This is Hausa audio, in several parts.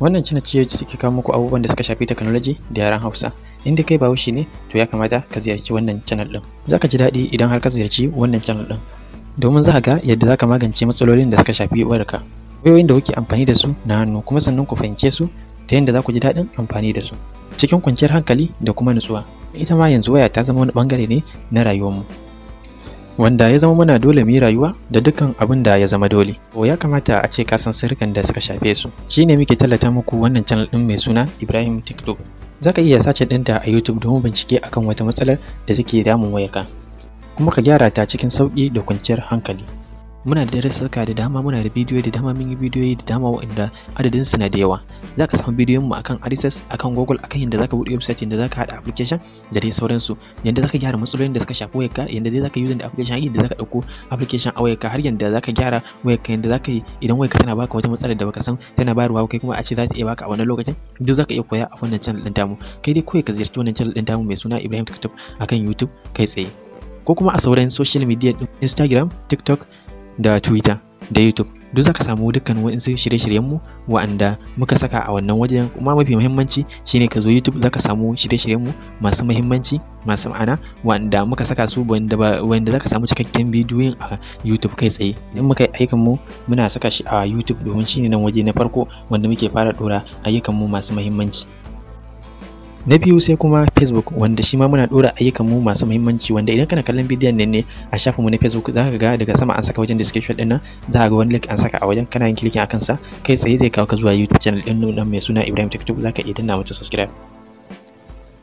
Wannan channel ce da ke kawo muku abubuwan da suka shafi technology da yaran Hausa. Inda kai Bahaushe ne, to ya kamata ka ziyarci wannan channel din. Zaka ji daɗi idan har ka ziyarci wannan channel din. Domin za ga yadda za ka magance matsalolin da suka shafi wayarka. Wayoyin da kuke amfani da su na hannu kuma sannan ku fahimce su ta yadda za ku ji daɗin amfani da su. Cikin kwanciyar hankali da kuma nutsuwa. Ita ma yanzu waya ta zama wani bangare ne na rayuwar mu? wanda ya zama mana dole mu yi rayuwa da dukkan abin da ya zama dole to ya kamata a ce kasan sirrikan da suka shafe su shine muke tallata muku wannan channel din mai suna Ibrahim TikTok zaka iya sace ɗinta a YouTube don bincike akan wata matsalar da take damun wayarka kuma ka gyara ta cikin sauki da kwanciyar hankali muna da darussuka da dama muna da bidiyo da dama mun yi bidiyoyi da dama wanda adadin su na da yawa za ka samu bidiyon mu akan RSS akan Google akan yadda zaka buɗe website yadda zaka haɗa application da dai sauransu yadda zaka gyara matsalolin da suka shafi wayarka yadda dai zaka yi da application yadda yadda zaka ɗauko application a wayarka har yadda zaka gyara wayarka yadda zaka yi idan wayarka tana baka wata matsalar da baka san tana bayarwa kai kuma a ce za ta iya baka a wannan lokacin duk zaka iya koya a wannan channel ɗin tamu kai dai kawai ka ziyarci wannan channel ɗin tamu mai suna Ibrahim TikTok akan YouTube kai tsaye ko kuma a sauran social media Instagram TikTok da Twitter da YouTube duk zaka samu dukkan wa'insu shirye-shiryenmu wa'anda muka saka a wannan wajen kuma mafi muhimmanci shine ka zo YouTube zaka samu shirye-shiryenmu masu muhimmanci masu ma'ana wa'anda muka saka su wanda ba wanda zaka samu cikakken bidiyoyin a YouTube kai tsaye idan muka yi aikin mu muna saka shi a YouTube domin shine nan waje na farko wanda muke fara dora ayyukan mu masu muhimmanci na biyu sai kuma facebook wanda shi ma muna dora ayyukan mu masu muhimmanci wanda idan kana kallon bidiyon nan ne a shafin mu na facebook za ka ga daga sama an saka wajen description din nan za ka ga wani link an saka a wajen kana yin clicking akan sa kai tsaye zai kawo ka zuwa youtube channel din nan mai suna Ibrahim TikTok za ka iya danna mata subscribe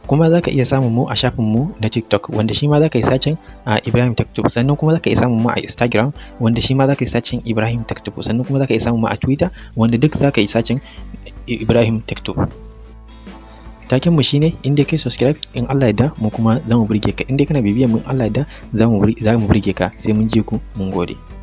kuma za ka iya samun mu a shafin mu na TikTok wanda shi ma za ka yi sacin a Ibrahim TikTok sannan kuma za ka iya samun mu a Instagram wanda shi ma za ka yi sacin Ibrahim TikTok sannan kuma za ka iya samun mu a Twitter wanda duk za ka yi sacin Ibrahim TikTok taken mu shine in dai kai subscribe in Allah da mu kuma zamu burge ka in dai kana bibiyar mu in Allah da zamu zamu burge ka sai mun je ku mun gode